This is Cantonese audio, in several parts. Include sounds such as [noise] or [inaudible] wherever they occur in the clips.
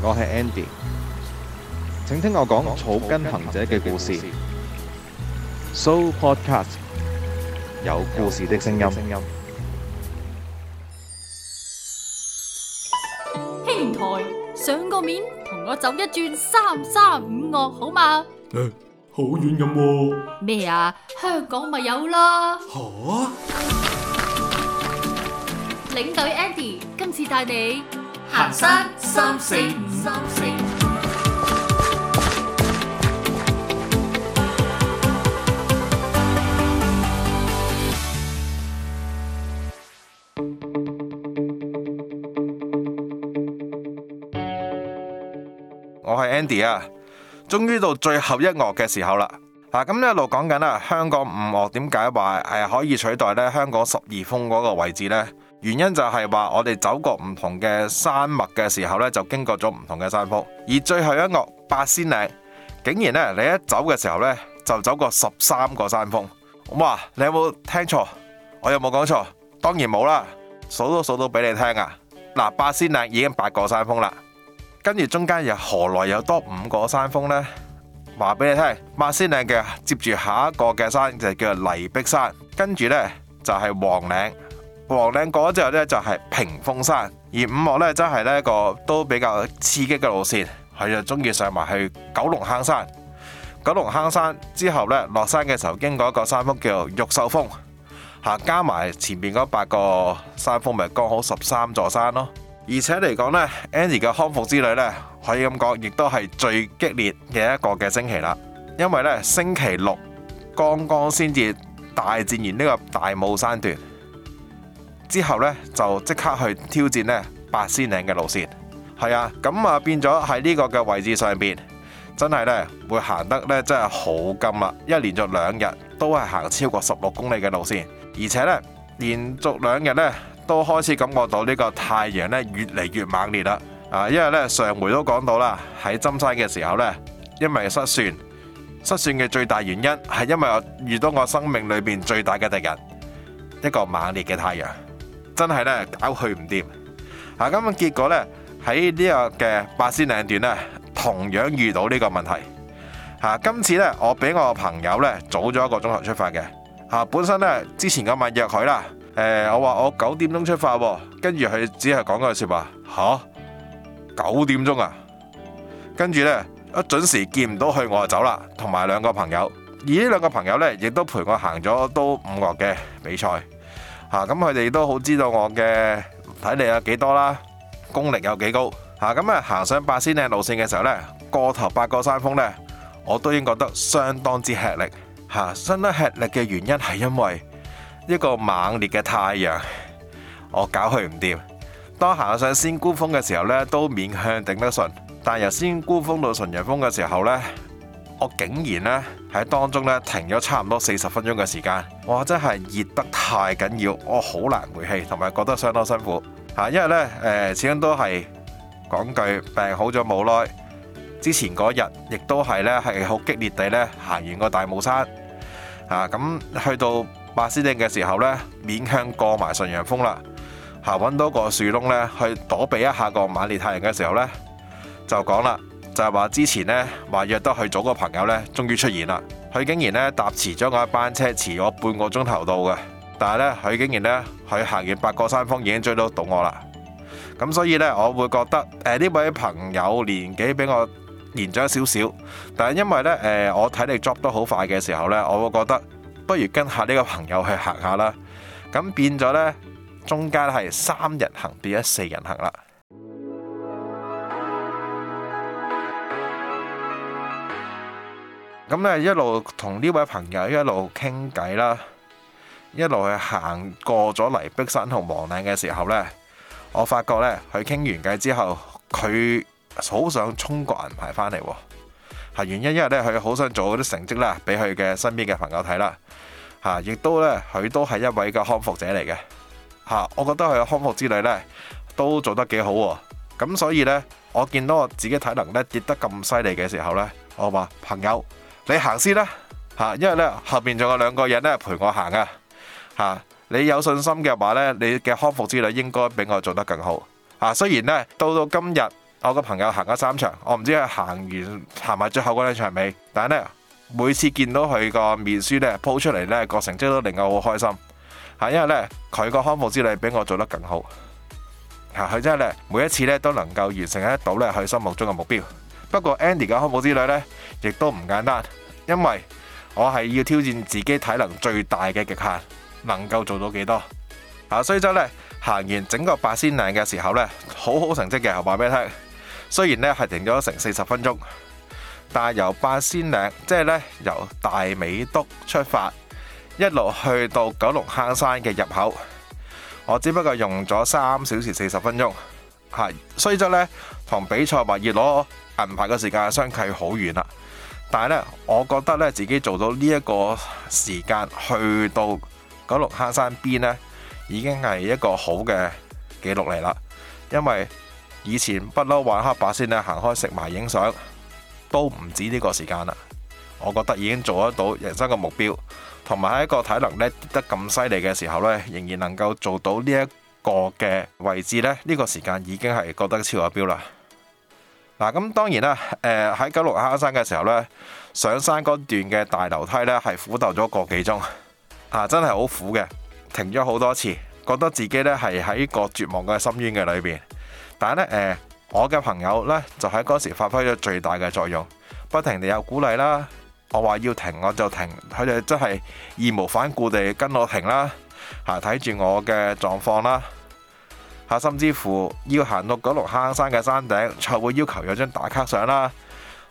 我係 Andy，請聽我講草根行者嘅故事。So podcast 有故事的聲音。兄台上個面，同我走一轉三三五樂好嘛？誒，好遠咁？咩啊？香港咪有啦？好！領隊 Andy 今次帶你。行山三三四，三四我係 Andy 啊，終於到最後一樂嘅時候啦。嗱、啊，咁呢一路講緊啦，香港五樂點解話係可以取代咧，香港十二峰嗰個位置咧？原因就係話我哋走過唔同嘅山脈嘅時候呢，就經過咗唔同嘅山峰。而最後一個八仙嶺，竟然呢，你一走嘅時候呢，就走過十三個山峰。咁你有冇聽錯？我有冇講錯？當然冇啦，數都數到俾你聽啊！嗱，八仙嶺已經八個山峰啦，跟住中間又何來有多五個山峰呢？話俾你聽，八仙嶺嘅接住下一個嘅山就叫做黎碧山，跟住呢就係黃，黃嶺。黃嶺過咗之後就係屏風山，而五嶽呢真係一個都比較刺激嘅路線，佢就中意上埋去九龍坑山。九龍坑山之後呢，落山嘅時候經過一個山峰叫玉秀峰，吓加埋前面嗰八個山峰，咪剛好十三座山咯。而且嚟講呢 Andy 嘅康復之旅呢，可以咁講，亦都係最激烈嘅一個嘅星期啦。因為呢，星期六剛剛先至大戰完呢個大霧山段。之後呢，就即刻去挑戰呢八仙嶺嘅路線，係啊，咁啊變咗喺呢個嘅位置上邊，真係呢，會行得呢，真係好勁啦，因為連續兩日都係行超過十六公里嘅路線，而且呢，連續兩日呢，都開始感覺到呢個太陽呢越嚟越猛烈啦，啊，因為呢，上回都講到啦，喺針山嘅時候呢，因為失算，失算嘅最大原因係因為我遇到我生命裏邊最大嘅敵人，一個猛烈嘅太陽。真係咧，搞佢唔掂，啊咁啊結果呢，喺呢個嘅八仙嶺段咧，同樣遇到呢個問題，啊今次呢，我俾我朋友呢，早咗一個鐘頭出發嘅，啊本身呢，之前嗰晚約佢啦，欸，我話我九點鐘出發喎，啊，跟住佢只係講句說話，吓，啊，九點鐘啊，跟住呢，一準時見唔到佢我就走啦，同埋兩個朋友，而呢兩個朋友呢，亦都陪我行咗都五嶽嘅比賽。吓咁，佢哋都好知道我嘅體力有幾多啦，功力有幾高吓咁啊。行上八仙嶺路綫嘅時候呢，個頭八個山峰呢，我都已經覺得相當之吃力吓。相當吃力嘅原因係因為一個猛烈嘅太陽，我搞佢唔掂。當行上仙姑峰嘅時候呢，都勉強頂得順，但由仙姑峰到純陽峰嘅時候呢。我竟然呢，喺當中呢，停咗差唔多四十分鐘嘅時間，哇！真係熱得太緊要，我好難回氣，同埋覺得相當辛苦吓。因為呢，誒、呃、始終都係講句，病好咗冇耐，之前嗰日亦都係呢，係好激烈地呢，行完個大帽山吓，咁去到八仙嶺嘅時候呢，勉強過埋純陽峰啦，搵到個樹窿呢，去躲避一下個猛烈太陽嘅時候呢，就講啦。就係話之前呢，話約得去早個朋友呢，終於出現啦。佢竟然呢，搭遲咗我一班車，遲咗半個鐘頭到嘅。但係呢，佢竟然呢，佢行完八個山峰已經追到到我啦。咁所以呢，我會覺得誒呢、呃、位朋友年紀比我年長少少，但係因為呢，誒、呃、我睇你 job 得好快嘅時候呢，我會覺得不如跟下呢個朋友去行下啦。咁變咗呢，中間係三人行變咗四人行啦。咁咧，一路同呢位朋友一路傾偈啦，一路去行過咗犁壁山同黃嶺嘅時候呢，我發覺呢，佢傾完偈之後，佢好想衝個銀牌返嚟，係原因因為呢，佢好想做啲成績啦，俾佢嘅身邊嘅朋友睇啦，吓，亦都呢，佢都係一位嘅康復者嚟嘅吓，我覺得佢嘅康復之旅呢，都做得幾好咁，所以呢，我見到我自己體能呢，跌得咁犀利嘅時候呢，我話朋友。你行先啦，吓，因為咧後面仲有兩個人咧陪我行啊，吓，你有信心嘅話咧，你嘅康復之旅應該比我做得更好，吓，雖然咧到到今日我個朋友行咗三場，我唔知佢行完行埋最後嗰兩場未，但係咧每次見到佢個面書咧鋪出嚟咧個成績都令我好開心，吓，因為咧佢個康復之旅比我做得更好，吓，佢真係咧每一次咧都能夠完成得到咧佢心目中嘅目標。不過 Andy 嘅康保之旅呢，亦都唔簡單，因為我係要挑戰自己體能最大嘅極限，能夠做到幾多？啊，所以真呢，行完整個八仙嶺嘅時候呢，好好成績嘅，話俾你聽。雖然呢係停咗成四十分鐘，但係由八仙嶺，即係呢，由大美督出發，一路去到九龍坑山嘅入口，我只不過用咗三小時四十分鐘，係，啊，所以真呢同比賽或要攞銀牌嘅時間的相距好遠啦，但係呢，我覺得咧自己做到呢一個時間去到九龍坑山邊呢，已經係一個好嘅記錄嚟啦。因為以前不嬲玩黑白先咧，行開食埋影相都唔止呢個時間啦。我覺得已經做得到人生嘅目標，同埋喺一個體能咧跌得咁犀利嘅時候呢，仍然能夠做到呢一個嘅位置呢，呢、呢個時間已經係覺得超級標啦。嗱，咁當然啦，誒喺九龍坑山嘅時候呢，上山嗰段嘅大樓梯呢係苦鬥咗個幾鐘，啊真係好苦嘅，停咗好多次，覺得自己呢係喺個絕望嘅深淵嘅裏邊。但係呢，誒我嘅朋友呢就喺嗰時發揮咗最大嘅作用，不停地有鼓勵啦。我話要停我就停，佢哋真係義無反顧地跟我停啦，嚇睇住我嘅狀況啦。吓，甚至乎要行到九龍坑山嘅山頂，才會要求有張打卡相啦。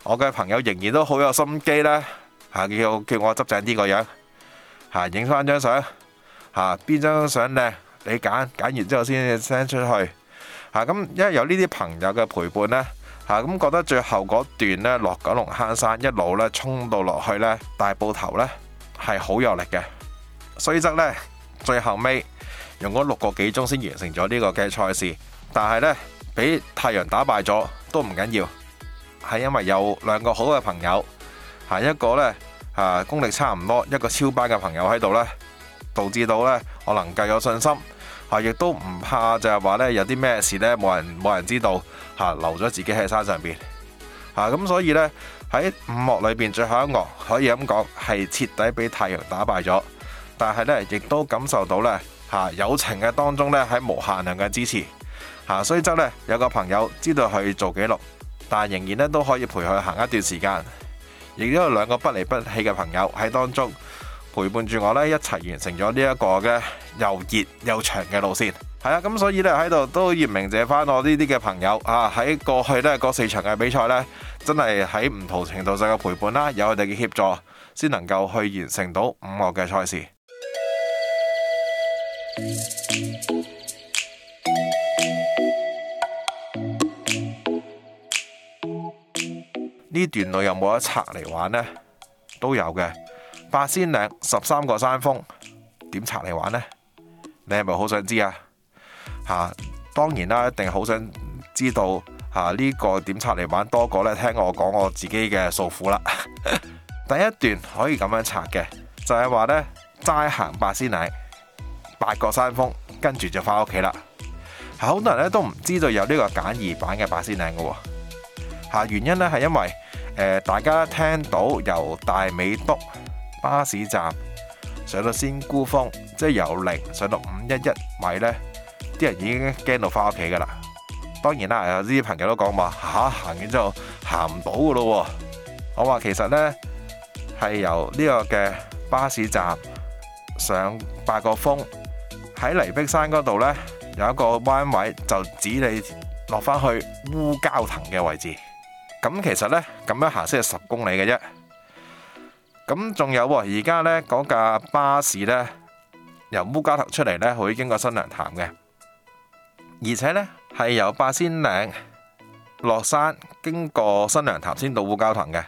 我嘅朋友仍然都好有心機啦，嚇叫叫我執正啲個樣，嚇影翻張相，嚇邊張相呢？你揀，揀完之後先 send 出去。嚇咁，因為有呢啲朋友嘅陪伴呢，嚇咁覺得最後嗰段咧落九龍坑山一路咧衝到落去呢，大埔頭呢，係好有力嘅，雖則咧最後尾。用咗六個幾鐘先完成咗呢個嘅賽事，但係咧俾太陽打敗咗都唔緊要，係因為有兩個好嘅朋友，吓一個咧啊功力差唔多，一個超班嘅朋友喺度咧，導致到咧我能夠有信心，吓亦都唔怕就係話咧有啲咩事咧冇人冇人知道吓留咗自己喺山上邊吓咁，所以咧喺五幕裏邊最後一幕可以咁講係徹底俾太陽打敗咗，但係咧亦都感受到咧。吓友情嘅當中咧，喺無限量嘅支持吓，所以就咧有個朋友知道去做記錄，但仍然咧都可以陪佢行一段時間，亦都有兩個不離不棄嘅朋友喺當中陪伴住我咧，一齊完成咗呢一個嘅又熱又長嘅路線。係啊，咁所以咧喺度都要鳴謝翻我呢啲嘅朋友啊，喺過去咧嗰四場嘅比賽咧，真係喺唔同程度上嘅陪伴啦，有佢哋嘅協助，先能夠去完成到五嶽嘅賽事。呢段路有冇得拆嚟玩呢？都有嘅。八仙嶺十三個山峰，點拆嚟玩呢？你係咪好想知啊？吓，當然啦，一定好想知道吓呢、啊，這個點拆嚟玩多過咧聽我講我自己嘅訴苦啦。 [laughs] 第一段可以咁樣拆嘅，就係、是、話呢：齋行八仙嶺。八個山峰，跟住就翻屋企啦。好多人咧都唔知道有呢個簡易版嘅八仙嶺嘅。吓，原因呢係因為、呃，大家聽到由大美督巴士站上到仙姑峰，即係由零上到五一一米，呢啲人已經驚到翻屋企噶啦。當然啦，有啲朋友都講話，吓、啊、行完之後行唔到噶咯。了了我話其實呢係由呢個嘅巴士站上八個峰。喺犁壁山嗰度咧，有一個彎位就指你落翻去烏蛟騰嘅位置。咁其實咧，咁樣行先係十公里嘅啫。咁仲有，而家咧嗰架巴士咧，由烏蛟騰出嚟咧，會經過新娘潭嘅，而且咧係由八仙嶺落山，經過新娘潭先到烏蛟騰嘅。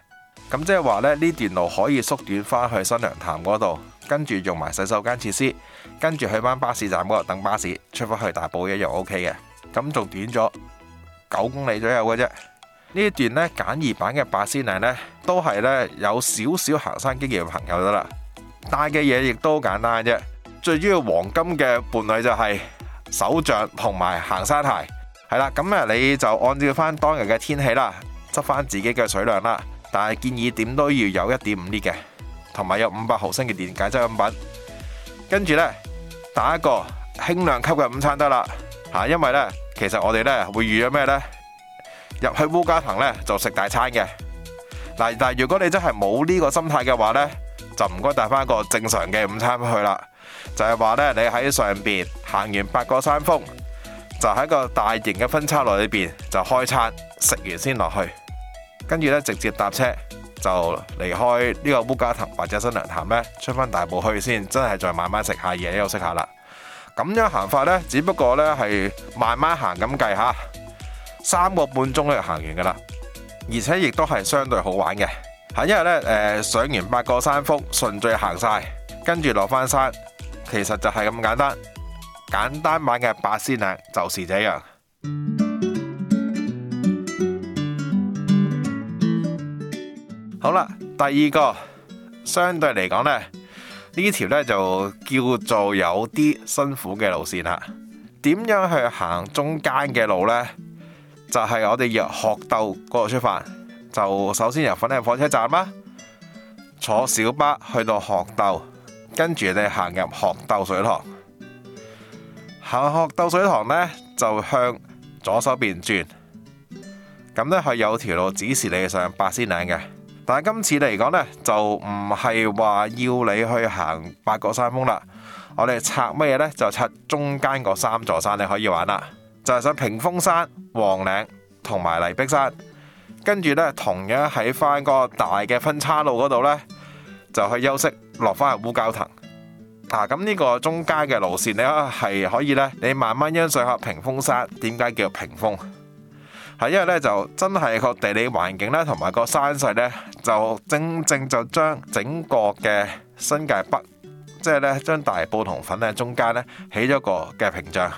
咁即係話咧，呢段路可以縮短翻去新娘潭嗰度。跟住用埋洗手間設施，跟住去返巴士站嗰度等巴士，出返去大埔一樣 OK 嘅，咁仲短咗九公里左右嘅啫。呢段呢簡易版嘅八仙嶺呢，都係呢有少少行山經驗朋友得啦。帶嘅嘢亦都簡單啫，最主要黃金嘅伴侶就係手杖同埋行山鞋，係啦。咁啊你就按照翻當日嘅天氣啦，執翻自己嘅水量啦，但係建議點都要有一點五 L 嘅。同埋有五百毫升嘅電解質飲品，跟住呢，打一個輕量級嘅午餐得啦，吓，因為呢，其實我哋呢會預咗咩呢？入去烏家藤呢，就食大餐嘅嗱，但如果你真係冇呢個心態嘅話呢，就唔該帶翻一個正常嘅午餐去啦，就係話呢，你喺上邊行完八個山峰，就喺個大型嘅分叉路裏邊就開餐，食完先落去，跟住呢，直接搭車。就離開呢個烏家藤或者新娘潭咩出返大埔去先，真係再慢慢食下嘢，休息下啦。咁樣行法呢，只不過呢係慢慢行咁計下三個半鐘就行完噶啦，而且亦都係相對好玩嘅。係因為呢誒、呃、上完八個山峰，順序行晒，跟住落翻山，其實就係咁簡單，簡單版嘅八仙嶺就是這樣。好啦，第二個相對嚟講呢，呢條呢就叫做有啲辛苦嘅路線啦。點樣去行中間嘅路呢？就係、是、我哋由學斗嗰度出發，就首先由粉嶺火車站啦，坐小巴去到學斗，跟住你行入學斗水塘，行學斗水塘呢，就向左手邊轉，咁呢係有條路指示你上八仙嶺嘅。但今次嚟講呢，就唔係話要你去行八個山峰啦。我哋拆乜嘢呢？就拆中間嗰三座山，你可以玩啦。就係、是、上屏風山、黃嶺同埋犁壁山。跟住呢，同樣喺翻個大嘅分岔路嗰度呢，就去休息，落返去烏蛟騰。嗱、啊，咁、這、呢個中間嘅路線呢，係可以呢，你慢慢欣賞下屏風山。點解叫屏風？係，因為咧就真係個地理環境咧，同埋個山勢咧，就正正就將整個嘅新界北，即係咧將大埔同粉嶺咧中間咧起咗個嘅屏障，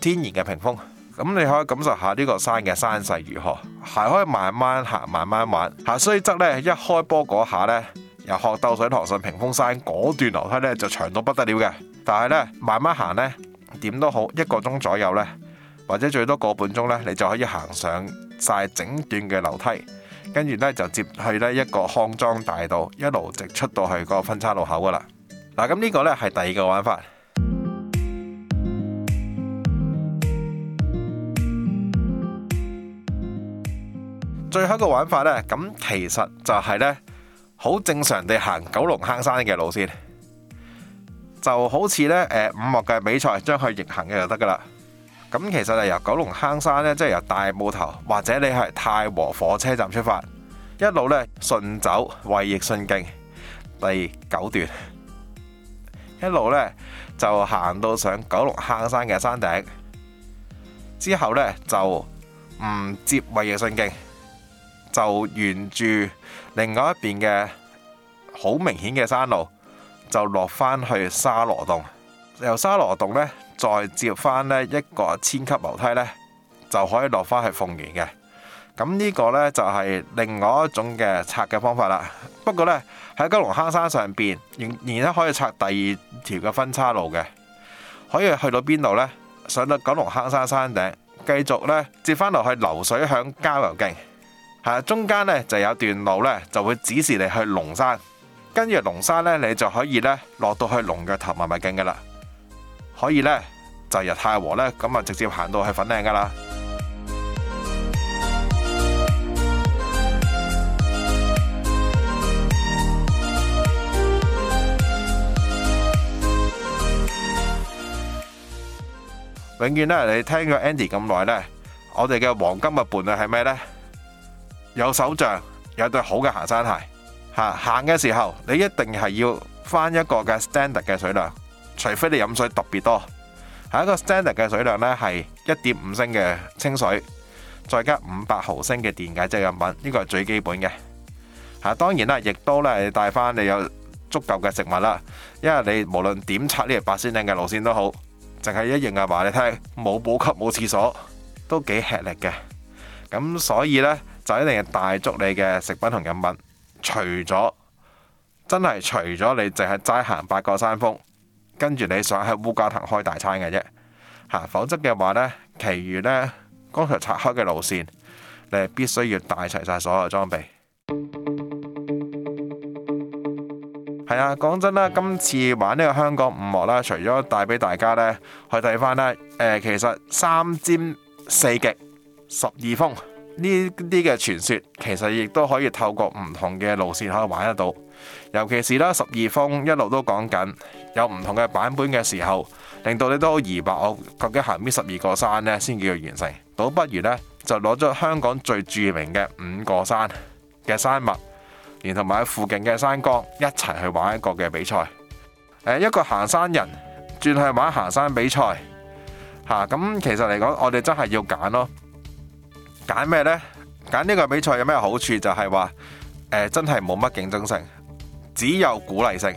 天然嘅屏風。咁你可以感受下呢個山嘅山勢如何，行可以慢慢行，慢慢玩。吓，雖則咧一開波嗰下咧，由鶴藪水塘上屏風山嗰段樓梯咧就長到不得了嘅，但係咧慢慢行咧，點都好一個鐘左右咧。或者最多個半鐘咧，你就可以行上晒整段嘅樓梯，跟住咧就接去呢一個康莊大道，一路直出到去嗰個分岔路口噶啦。嗱、啊，咁呢個咧係第二個玩法。 [music] 最後一個玩法呢，咁其實就係呢好正常地行九龍坑山嘅路線，就好似呢誒五嶽嘅比賽，將佢逆行嘅就得噶啦。咁其實由九龍坑山咧，即係由大埔頭或者你係太和火車站出發，一路咧順走衛奕信徑第九段，一路咧就行到上九龍坑山嘅山頂，之後咧就唔接衛奕信徑，就沿住另外一邊嘅好明顯嘅山路，就落返去沙螺洞，由沙螺洞咧。再接返咧一個千級樓梯呢，就可以落返去鳳園嘅。咁、這、呢個呢，就係另外一種嘅拆嘅方法啦。不過呢，喺九龍坑山上邊，仍然咧可以拆第二條嘅分叉路嘅，可以去到邊度呢？上到九龍坑山山頂，繼續呢，接返落去流水響郊遊徑，係呀，中間呢就有一段路呢，就會指示你去龍山，跟住龍山呢，你就可以呢，落到去龍躍頭咪咪徑嘅啦。可以咧就日太和咧，咁啊直接行到去粉嶺噶啦。永遠咧，你聽咗 Andy 咁耐咧，我哋嘅黃金嘅伴侶係咩咧？有手杖，有對好嘅行山鞋。吓，行嘅時候你一定係要翻一個嘅 standard 嘅水量。除非你飲水特別多，係一個 standard 嘅水量呢係一點五升嘅清水，再加五百毫升嘅電解質飲品，呢個係最基本嘅。嚇，當然啦，亦都咧要帶翻你有足夠嘅食物啦，因為你無論點刷呢條八仙嶺嘅路線都好，淨係一樣嘅話，你睇冇補給冇廁所都幾吃力嘅。咁所以呢，就一定要帶足你嘅食品同飲品，除咗真係除咗你淨係齋行八個山峰，跟住你想喺烏蛟騰開大餐嘅啫，吓，否則嘅話呢，其餘呢，剛才拆開嘅路線，你必須要帶齊晒所有裝備。係 [music] 啊，講真啦，今次玩呢個香港五嶽啦，除咗帶俾大家呢去睇翻啦誒，其實三尖四極十二峰呢啲嘅傳說，其實亦都可以透過唔同嘅路線可以玩得到。尤其是啦，十二峰一路都講緊有唔同嘅版本嘅時候，令到你都好疑惑，我究竟行邊十二個山呢？先叫做完成？倒不如呢，就攞咗香港最著名嘅五個山嘅山脈，連同埋附近嘅山崗一齊去玩一個嘅比賽。一個行山人轉去玩行山比賽，吓、啊、咁其實嚟講，我哋真係要揀咯，揀咩呢？揀呢個比賽有咩好處？就係、是、話、呃、真係冇乜競爭性。只有鼓勵性，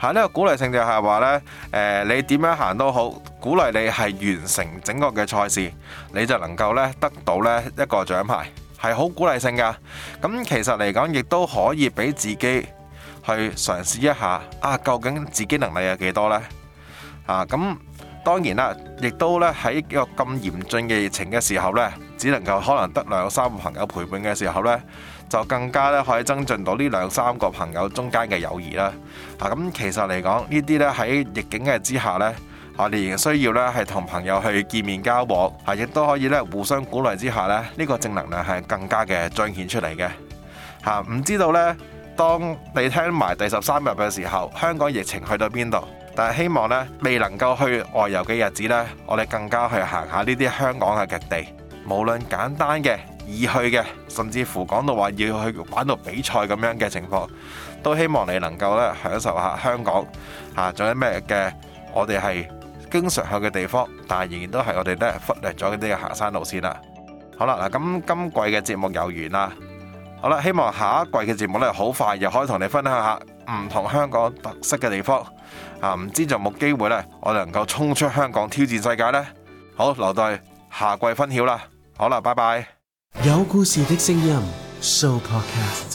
嚇、這、呢個鼓勵性就係話呢，誒你點樣行都好，鼓勵你係完成整個嘅賽事，你就能夠呢得到呢一個獎牌，係好鼓勵性㗎。咁其實嚟講，亦都可以俾自己去嘗試一下，啊，究竟自己能力有幾多呢？啊，啊咁。當然啦，亦都咧喺一個咁嚴峻嘅疫情嘅時候，呢只能夠可能得兩三個朋友陪伴嘅時候，呢就更加咧可以增進到呢兩三個朋友中間嘅友誼啦。咁其實嚟講，呢啲咧喺逆境嘅之下，呢我哋仍需要咧係同朋友去見面交往，啊，亦都可以咧互相鼓勵之下咧，呢、呢個正能量係更加嘅彰顯出嚟嘅。嚇，唔知道呢，當你聽埋第十三日嘅時候，香港疫情去到邊度？但係希望咧，未能夠去外遊嘅日子咧，我哋更加去行下呢啲香港嘅極地，無論簡單嘅、易去嘅，甚至乎講到話要去玩到比賽咁樣嘅情況，都希望你能夠咧享受下香港，嚇，仲有咩嘅？我哋係經常去嘅地方，但係仍然都係我哋咧忽略咗嗰啲嘅行山路線啦。好啦，嗱咁今季嘅節目又完啦。好啦，希望下一季嘅節目咧，好快又可以同你分享下。唔同香港特色嘅地方啊，唔知就冇機會咧，我哋能夠衝出香港挑戰世界呢。好，留待下季分曉啦。好啦，拜拜。有故事嘅聲音，Show Podcast。